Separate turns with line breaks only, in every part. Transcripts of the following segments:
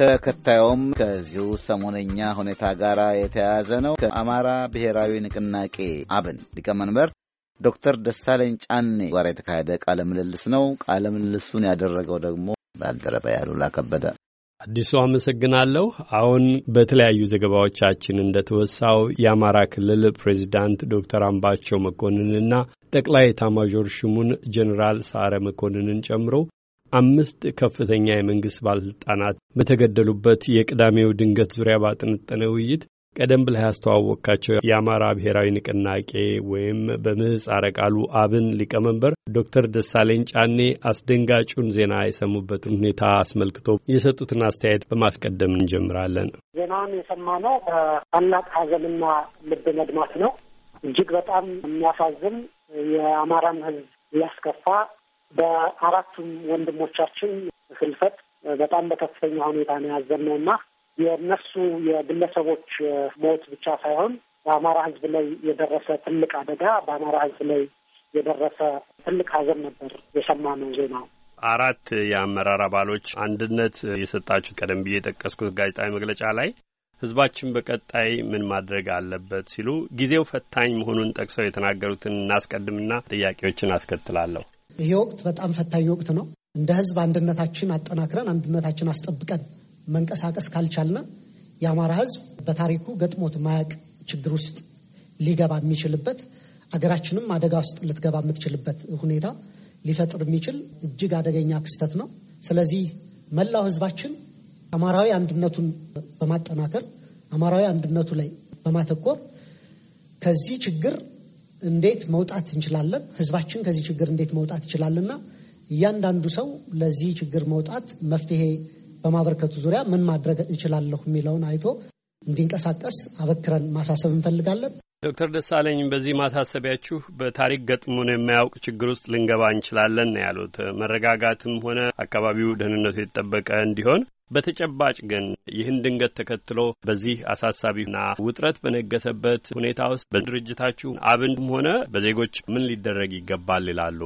ተከታዩም ከዚሁ ሰሞነኛ ሁኔታ ጋር የተያያዘ ነው። ከአማራ ብሔራዊ ንቅናቄ አብን ሊቀመንበር ዶክተር ደሳለኝ ጫኔ ጋር የተካሄደ ቃለ ምልልስ ነው። ቃለ ምልልሱን ያደረገው ደግሞ ባልደረባ ያሉላ ከበደ።
አዲሱ አመሰግናለሁ። አሁን በተለያዩ ዘገባዎቻችን እንደተወሳው የአማራ ክልል ፕሬዚዳንት ዶክተር አምባቸው መኮንንና ጠቅላይ ኤታማዦር ሹሙን ጀኔራል ሳረ መኮንንን ጨምሮ አምስት ከፍተኛ የመንግሥት ባለሥልጣናት በተገደሉበት የቅዳሜው ድንገት ዙሪያ ባጠነጠነ ውይይት ቀደም ብለህ ያስተዋወቅካቸው የአማራ ብሔራዊ ንቅናቄ ወይም በምህጻረ ቃሉ አብን ሊቀመንበር ዶክተር ደሳለኝ ጫኔ አስደንጋጩን ዜና የሰሙበትን ሁኔታ አስመልክቶ የሰጡትን አስተያየት በማስቀደም እንጀምራለን።
ዜናውን የሰማነው በታላቅ ሐዘንና ልብ መድማት ነው። እጅግ በጣም የሚያሳዝን የአማራን ሕዝብ ያስከፋ በአራቱም ወንድሞቻችን ህልፈት በጣም በከፍተኛ ሁኔታ ነው ያዘነው እና የእነሱ የግለሰቦች ሞት ብቻ ሳይሆን በአማራ ህዝብ ላይ የደረሰ ትልቅ አደጋ፣ በአማራ ህዝብ ላይ የደረሰ ትልቅ ሀዘን ነበር የሰማነው ዜና።
አራት የአመራር አባሎች አንድነት የሰጣችሁ ቀደም ብዬ የጠቀስኩት ጋዜጣዊ መግለጫ ላይ ህዝባችን በቀጣይ ምን ማድረግ አለበት ሲሉ ጊዜው ፈታኝ መሆኑን ጠቅሰው የተናገሩትን እናስቀድምና ጥያቄዎችን አስከትላለሁ።
ይሄ ወቅት በጣም ፈታኝ ወቅት ነው። እንደ ህዝብ አንድነታችን አጠናክረን አንድነታችን አስጠብቀን መንቀሳቀስ ካልቻልና የአማራ ህዝብ በታሪኩ ገጥሞት ማያቅ ችግር ውስጥ ሊገባ የሚችልበት አገራችንም አደጋ ውስጥ ልትገባ የምትችልበት ሁኔታ ሊፈጥር የሚችል እጅግ አደገኛ ክስተት ነው። ስለዚህ መላው ህዝባችን አማራዊ አንድነቱን በማጠናከር አማራዊ አንድነቱ ላይ በማተኮር ከዚህ ችግር እንዴት መውጣት እንችላለን፣ ህዝባችን ከዚህ ችግር እንዴት መውጣት ይችላልና እያንዳንዱ ሰው ለዚህ ችግር መውጣት መፍትሄ በማበረከቱ ዙሪያ ምን ማድረግ እችላለሁ የሚለውን አይቶ እንዲንቀሳቀስ አበክረን ማሳሰብ እንፈልጋለን።
ዶክተር ደሳለኝ በዚህ ማሳሰቢያችሁ በታሪክ ገጥሞን የማያውቅ ችግር ውስጥ ልንገባ እንችላለን ነው ያሉት። መረጋጋትም ሆነ አካባቢው ደህንነቱ የተጠበቀ እንዲሆን በተጨባጭ ግን ይህን ድንገት ተከትሎ በዚህ አሳሳቢና ውጥረት በነገሰበት ሁኔታ ውስጥ በድርጅታችሁ አብንም ሆነ በዜጎች ምን ሊደረግ ይገባል ይላሉ?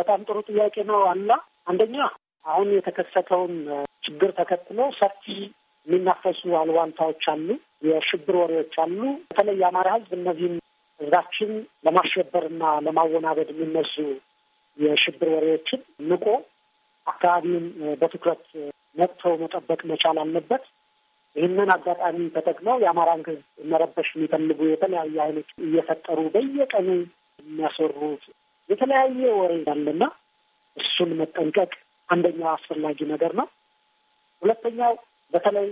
በጣም ጥሩ ጥያቄ ነው አላ አንደኛ አሁን የተከሰተውን ችግር ተከትሎ ሰፊ የሚናፈሱ አልዋንታዎች አሉ፣ የሽብር ወሬዎች አሉ። በተለይ የአማራ ህዝብ እነዚህም ህዝባችን ለማሸበርና ለማወናበድ የሚነሱ የሽብር ወሬዎችን ንቆ አካባቢውን በትኩረት ነቅተው መጠበቅ መቻል አለበት። ይህንን አጋጣሚ ተጠቅመው የአማራን ህዝብ መረበሽ የሚፈልጉ የተለያዩ አይነት እየፈጠሩ በየቀኑ የሚያሰሩት የተለያየ ወሬ ያለና እሱን መጠንቀቅ አንደኛው አስፈላጊ ነገር ነው። ሁለተኛው በተለይ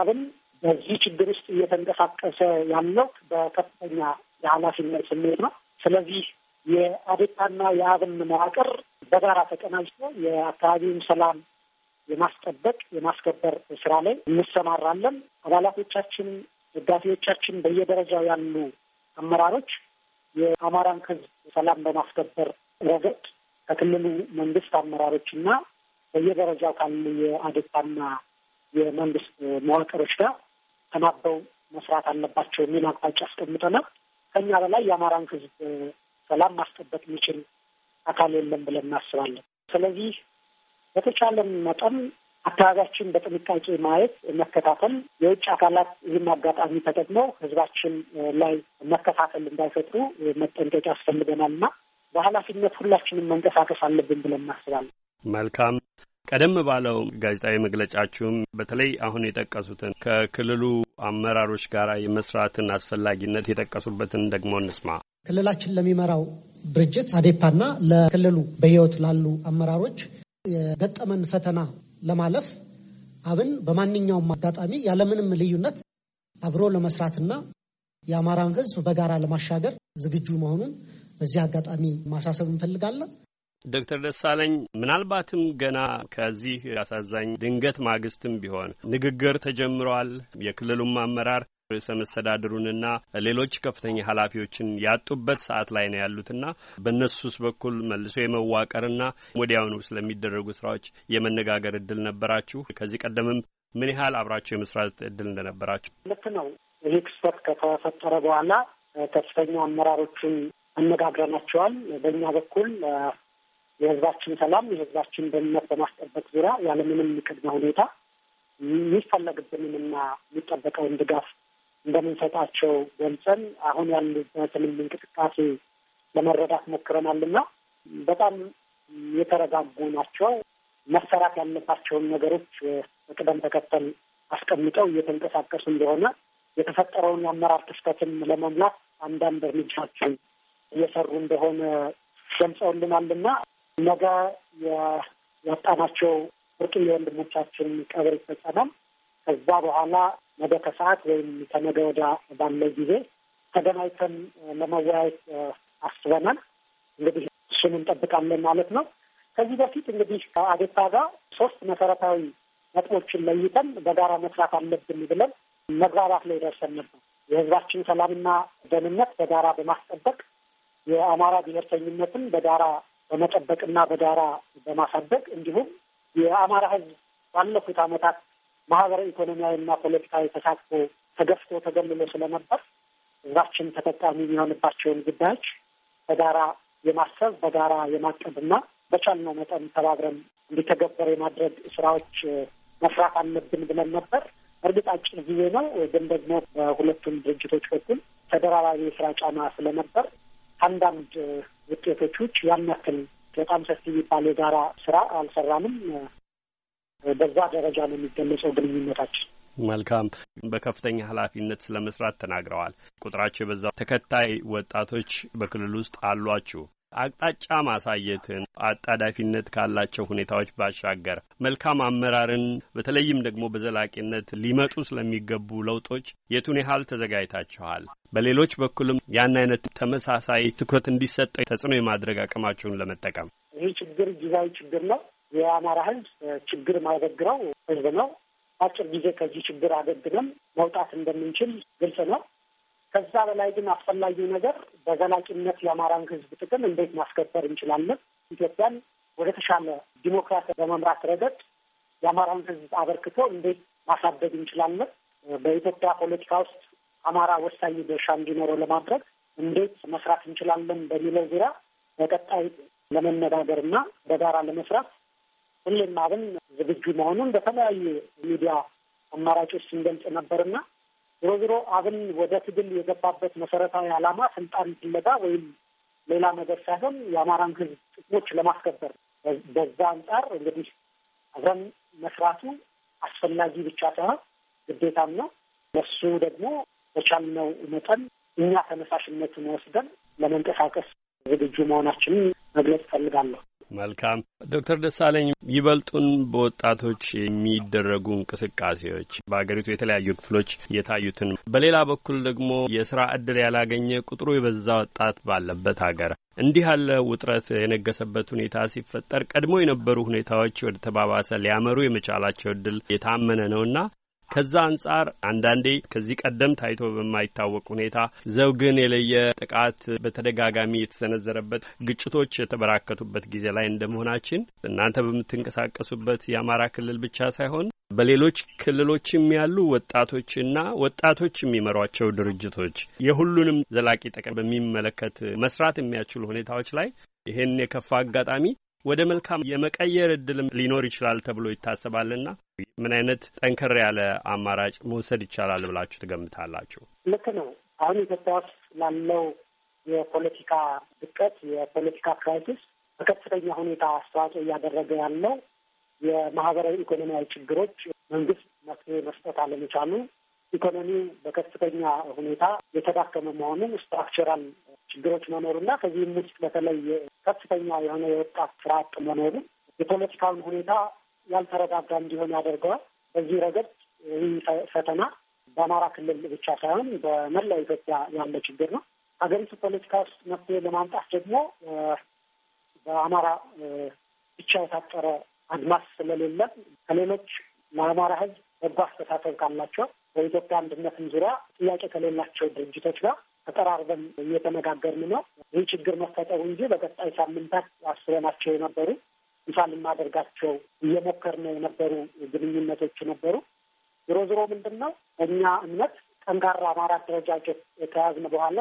አብን በዚህ ችግር ውስጥ እየተንቀሳቀሰ ያለው በከፍተኛ የኃላፊነት ስሜት ነው። ስለዚህ የአዴፓና የአብን መዋቅር በጋራ ተቀናጅቶ የአካባቢውን ሰላም የማስጠበቅ የማስከበር ስራ ላይ እንሰማራለን። አባላቶቻችን፣ ደጋፊዎቻችን፣ በየደረጃው ያሉ አመራሮች የአማራን ሕዝብ ሰላም በማስከበር ረገድ ከክልሉ መንግስት አመራሮች እና በየደረጃው ካሉ የአዴፓና የመንግስት መዋቅሮች ጋር ተናበው መስራት አለባቸው የሚል አቅጣጫ አስቀምጠናል። ከኛ በላይ የአማራን ህዝብ ሰላም ማስጠበቅ የሚችል አካል የለም ብለን እናስባለን። ስለዚህ በተቻለን መጠን አካባቢያችን በጥንቃቄ ማየት፣ መከታተል የውጭ አካላት ይህም አጋጣሚ ተጠቅመው ህዝባችን ላይ መከታተል እንዳይፈጥሩ መጠንቀቅ ያስፈልገናል እና በኃላፊነት ሁላችንም መንቀሳቀስ አለብን ብለን እናስባለን።
መልካም ቀደም ባለው ጋዜጣዊ መግለጫችሁም በተለይ አሁን የጠቀሱትን ከክልሉ አመራሮች ጋር የመስራትን አስፈላጊነት የጠቀሱበትን ደግሞ እንስማ።
ክልላችን ለሚመራው ድርጅት አዴፓና ለክልሉ በሕይወት ላሉ አመራሮች የገጠመን ፈተና ለማለፍ አብን በማንኛውም አጋጣሚ ያለምንም ልዩነት አብሮ ለመስራትና የአማራን ሕዝብ በጋራ ለማሻገር ዝግጁ መሆኑን በዚህ አጋጣሚ ማሳሰብ እንፈልጋለን።
ዶክተር ደሳለኝ ምናልባትም ገና ከዚህ አሳዛኝ ድንገት ማግስትም ቢሆን ንግግር ተጀምሯል። የክልሉም አመራር ርዕሰ መስተዳድሩንና ሌሎች ከፍተኛ ኃላፊዎችን ያጡበት ሰዓት ላይ ነው ያሉትና በእነሱስ በኩል መልሶ የመዋቀርና ወዲያውኑ ስለሚደረጉ ስራዎች የመነጋገር እድል ነበራችሁ? ከዚህ ቀደምም ምን ያህል አብራችሁ የመስራት እድል እንደነበራችሁ?
ልክ ነው። ይህ ክስተት ከተፈጠረ በኋላ ከፍተኛ አመራሮችን አነጋግረናቸዋል። በእኛ በኩል የህዝባችን ሰላም የህዝባችን ደህንነት በማስጠበቅ ዙሪያ ያለምንም ቅድመ ሁኔታ የሚፈለግብንንና የሚጠበቀውን ድጋፍ እንደምንሰጣቸው ገልጸን አሁን ያሉበትንም እንቅስቃሴ ለመረዳት ሞክረናልና በጣም የተረጋጉ ናቸው። መሰራት ያለባቸውን ነገሮች በቅደም ተከተል አስቀምጠው እየተንቀሳቀሱ እንደሆነ የተፈጠረውን የአመራር ክፍተትም ለመሙላት አንዳንድ እርምጃዎችን እየሰሩ እንደሆነ ገልጸውልናልና ነገ ያጣናቸው ብርቅ የወንድሞቻችን ቀብር ይፈጸማል። ከዛ በኋላ ነገ ከሰዓት ወይም ከነገ ወዲያ ባለው ጊዜ ተገናኝተን ለመወያየት አስበናል። እንግዲህ እሱን እንጠብቃለን ማለት ነው። ከዚህ በፊት እንግዲህ ከአዴፓ ጋር ሶስት መሰረታዊ ነጥቦችን ለይተን በጋራ መስራት አለብን ብለን መግባባት ላይ ደርሰን ነበር። የህዝባችን ሰላምና ደህንነት በጋራ በማስጠበቅ የአማራ ብሔርተኝነትን በጋራ በመጠበቅና በዳራ በማሳደግ እንዲሁም የአማራ ህዝብ ባለፉት አመታት ማህበራዊ፣ ና ፖለቲካዊ ተሳትፎ ተገፍቶ ተገልሎ ስለነበር ህዝባችን ተጠቃሚ የሚሆንባቸውን ጉዳዮች በጋራ የማሰብ በጋራ የማቀድና በቻልነው መጠን ተባብረን እንዲተገበር የማድረግ ስራዎች መስራት አለብን ብለን ነበር። እርግጥ አጭር ጊዜ ነው፣ ግን ደግሞ በሁለቱም ድርጅቶች በኩል ተደራራቢ የስራ ጫና ስለነበር አንዳንድ ውጤቶች ያን ያክል በጣም ሰፊ የሚባል የጋራ ስራ አልሰራንም። በዛ ደረጃ ነው የሚገለጸው ግንኙነታችን።
መልካም። በከፍተኛ ኃላፊነት ስለ መስራት ተናግረዋል። ቁጥራቸው የበዛ ተከታይ ወጣቶች በክልል ውስጥ አሏችሁ። አቅጣጫ ማሳየትን አጣዳፊነት ካላቸው ሁኔታዎች ባሻገር መልካም አመራርን በተለይም ደግሞ በዘላቂነት ሊመጡ ስለሚገቡ ለውጦች የቱን ያህል ተዘጋጅታችኋል? በሌሎች በኩልም ያን አይነት ተመሳሳይ ትኩረት እንዲሰጠው ተጽዕኖ የማድረግ አቅማችሁን ለመጠቀም
ይህ ችግር ጊዜያዊ ችግር ነው። የአማራ ሕዝብ ችግር ማይበግረው ሕዝብ ነው። አጭር ጊዜ ከዚህ ችግር አገግመን መውጣት እንደምንችል ግልጽ ነው። ከዛ በላይ ግን አስፈላጊው ነገር በዘላቂነት የአማራን ህዝብ ጥቅም እንዴት ማስከበር እንችላለን፣ ኢትዮጵያን ወደ ተሻለ ዲሞክራሲ በመምራት ረገድ የአማራን ህዝብ አበርክቶ እንዴት ማሳደግ እንችላለን፣ በኢትዮጵያ ፖለቲካ ውስጥ አማራ ወሳኝ ድርሻ እንዲኖረው ለማድረግ እንዴት መስራት እንችላለን በሚለው ዙሪያ በቀጣይ ለመነጋገር እና በጋራ ለመስራት ሁሌም አብን ዝግጁ መሆኑን በተለያዩ ሚዲያ አማራጮች ስንገልጽ ነበርና ዞሮ ዞሮ አብን ወደ ትግል የገባበት መሰረታዊ ዓላማ ስልጣን ፍለጋ ወይም ሌላ ነገር ሳይሆን የአማራን ሕዝብ ጥቅሞች ለማስከበር በዛ አንጻር እንግዲህ አብረን መስራቱ አስፈላጊ ብቻ ሳይሆን ግዴታም ነው። ለሱ ደግሞ በቻልነው መጠን እኛ ተነሳሽነቱን ወስደን ለመንቀሳቀስ ዝግጁ መሆናችንን መግለጽ እፈልጋለሁ።
መልካም ዶክተር ደሳለኝ ይበልጡን በወጣቶች የሚደረጉ እንቅስቃሴዎች በሀገሪቱ የተለያዩ ክፍሎች የታዩትን በሌላ በኩል ደግሞ የስራ እድል ያላገኘ ቁጥሩ የበዛ ወጣት ባለበት ሀገር እንዲህ ያለ ውጥረት የነገሰበት ሁኔታ ሲፈጠር ቀድሞ የነበሩ ሁኔታዎች ወደ ተባባሰ ሊያመሩ የመቻላቸው እድል የታመነ ነውና ከዛ አንጻር አንዳንዴ ከዚህ ቀደም ታይቶ በማይታወቅ ሁኔታ ዘውግን የለየ ጥቃት በተደጋጋሚ የተሰነዘረበት ግጭቶች የተበራከቱበት ጊዜ ላይ እንደመሆናችን እናንተ በምትንቀሳቀሱበት የአማራ ክልል ብቻ ሳይሆን በሌሎች ክልሎችም ያሉ ወጣቶችና ወጣቶች የሚመሯቸው ድርጅቶች የሁሉንም ዘላቂ ጥቅም በሚመለከት መስራት የሚያስችሉ ሁኔታዎች ላይ ይህን የከፋ አጋጣሚ ወደ መልካም የመቀየር እድልም ሊኖር ይችላል ተብሎ ይታሰባልና ምን አይነት ጠንከር ያለ አማራጭ መውሰድ ይቻላል ብላችሁ ትገምታላችሁ?
ልክ ነው። አሁን ኢትዮጵያ ውስጥ ላለው የፖለቲካ ድቀት፣ የፖለቲካ ክራይሲስ በከፍተኛ ሁኔታ አስተዋጽኦ እያደረገ ያለው የማህበራዊ ኢኮኖሚያዊ ችግሮች መንግስት መፍትሄ መስጠት አለመቻሉ፣ ኢኮኖሚው በከፍተኛ ሁኔታ የተዳከመ መሆኑ፣ ስትራክቸራል ችግሮች መኖሩና ከዚህም ውስጥ በተለይ ከፍተኛ የሆነ የወጣት ስራ አጥ መኖሩ የፖለቲካውን ሁኔታ ያልተረጋጋ እንዲሆን ያደርገዋል። በዚህ ረገድ ይህ ፈተና በአማራ ክልል ብቻ ሳይሆን በመላው ኢትዮጵያ ያለ ችግር ነው። ሀገሪቱ ፖለቲካ ውስጥ መፍትሄ ለማምጣት ደግሞ በአማራ ብቻ የታጠረ አድማስ ስለሌለ ከሌሎች ለአማራ ሕዝብ በጎ አስተሳሰብ ካላቸው በኢትዮጵያ አንድነትም ዙሪያ ጥያቄ ከሌላቸው ድርጅቶች ጋር ተቀራርበን እየተነጋገርን ነው። ይህ ችግር መፈጠሩ እንጂ በቀጣይ ሳምንታት አስበናቸው የነበሩ ይፋ ልናደርጋቸው እየሞከርን የነበሩ ግንኙነቶች ነበሩ። ዞሮ ዞሮ ምንድን ነው እኛ እምነት ጠንካራ አማራ አደረጃጀት ከያዝን በኋላ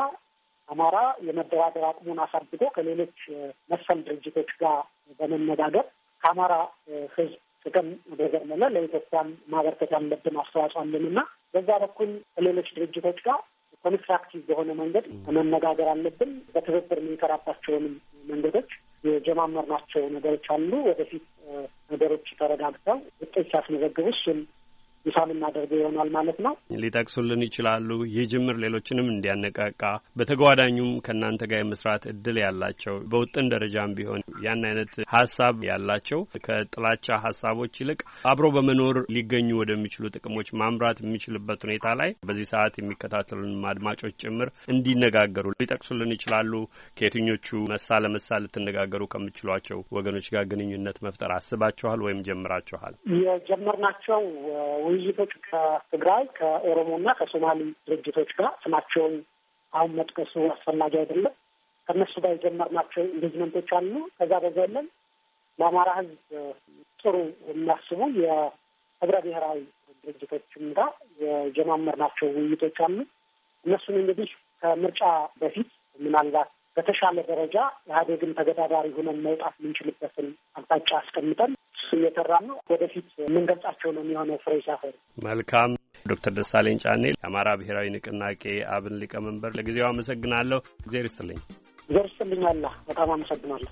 አማራ የመደራደር አቅሙን አሳድጎ ከሌሎች መሰል ድርጅቶች ጋር በመነጋገር ከአማራ ሕዝብ ጥቅም በዘመነ ለኢትዮጵያን ማበርከት ያለብን አስተዋጽኦ እና በዛ በኩል ከሌሎች ድርጅቶች ጋር ኮንስትራክቲቭ በሆነ መንገድ መነጋገር አለብን። በትብብር የሚንከራባቸውንም ያለማመርናቸው ነገሮች አሉ። ወደፊት ነገሮች ተረጋግተው ውጤት ሲያስመዘግቡ እሱን ይፋ የምናደርገው ይሆናል ማለት ነው።
ሊጠቅሱልን ይችላሉ? ይህ ጅምር ሌሎችንም እንዲያነቃቃ በተጓዳኙም ከእናንተ ጋር የመስራት እድል ያላቸው በውጥን ደረጃም ቢሆን ያን አይነት ሀሳብ ያላቸው ከጥላቻ ሀሳቦች ይልቅ አብሮ በመኖር ሊገኙ ወደሚችሉ ጥቅሞች ማምራት የሚችልበት ሁኔታ ላይ በዚህ ሰዓት የሚከታተሉን አድማጮች ጭምር እንዲነጋገሩ ሊጠቅሱልን ይችላሉ? ከየትኞቹ መሳ ለመሳ ልትነጋገሩ ከምችሏቸው ወገኖች ጋር ግንኙነት መፍጠር አስባችኋል ወይም ጀምራችኋል?
የጀመርናቸው ውይይቶች ከትግራይ ከኦሮሞና ከሶማሊ ድርጅቶች ጋር ስማቸውን አሁን መጥቀሱ አስፈላጊ አይደለም። ከእነሱ ጋር የጀመርናቸው ኢንጌጅመንቶች አሉ። ከዛ በዘለን ለአማራ ሕዝብ ጥሩ የሚያስቡ የህብረ ብሔራዊ ድርጅቶችም ጋር የጀማመርናቸው ውይይቶች አሉ። እነሱን እንግዲህ ከምርጫ በፊት ምናልባት በተሻለ ደረጃ ኢህአዴግን ተገዳዳሪ ሆነን መውጣት የምንችልበትን አቅጣጫ አስቀምጠን እሱ እየሰራን ነው። ወደፊት የምንገልጻቸው ነው የሚሆነው። ፍሬ ሲያፈሩ
መልካም። ዶክተር ደሳለኝ ጫኔ የአማራ ብሔራዊ ንቅናቄ አብን ሊቀመንበር፣ ለጊዜው አመሰግናለሁ። እግዜር ይስጥልኝ።
እግዜር ይስጥልኛላ። በጣም አመሰግናለሁ።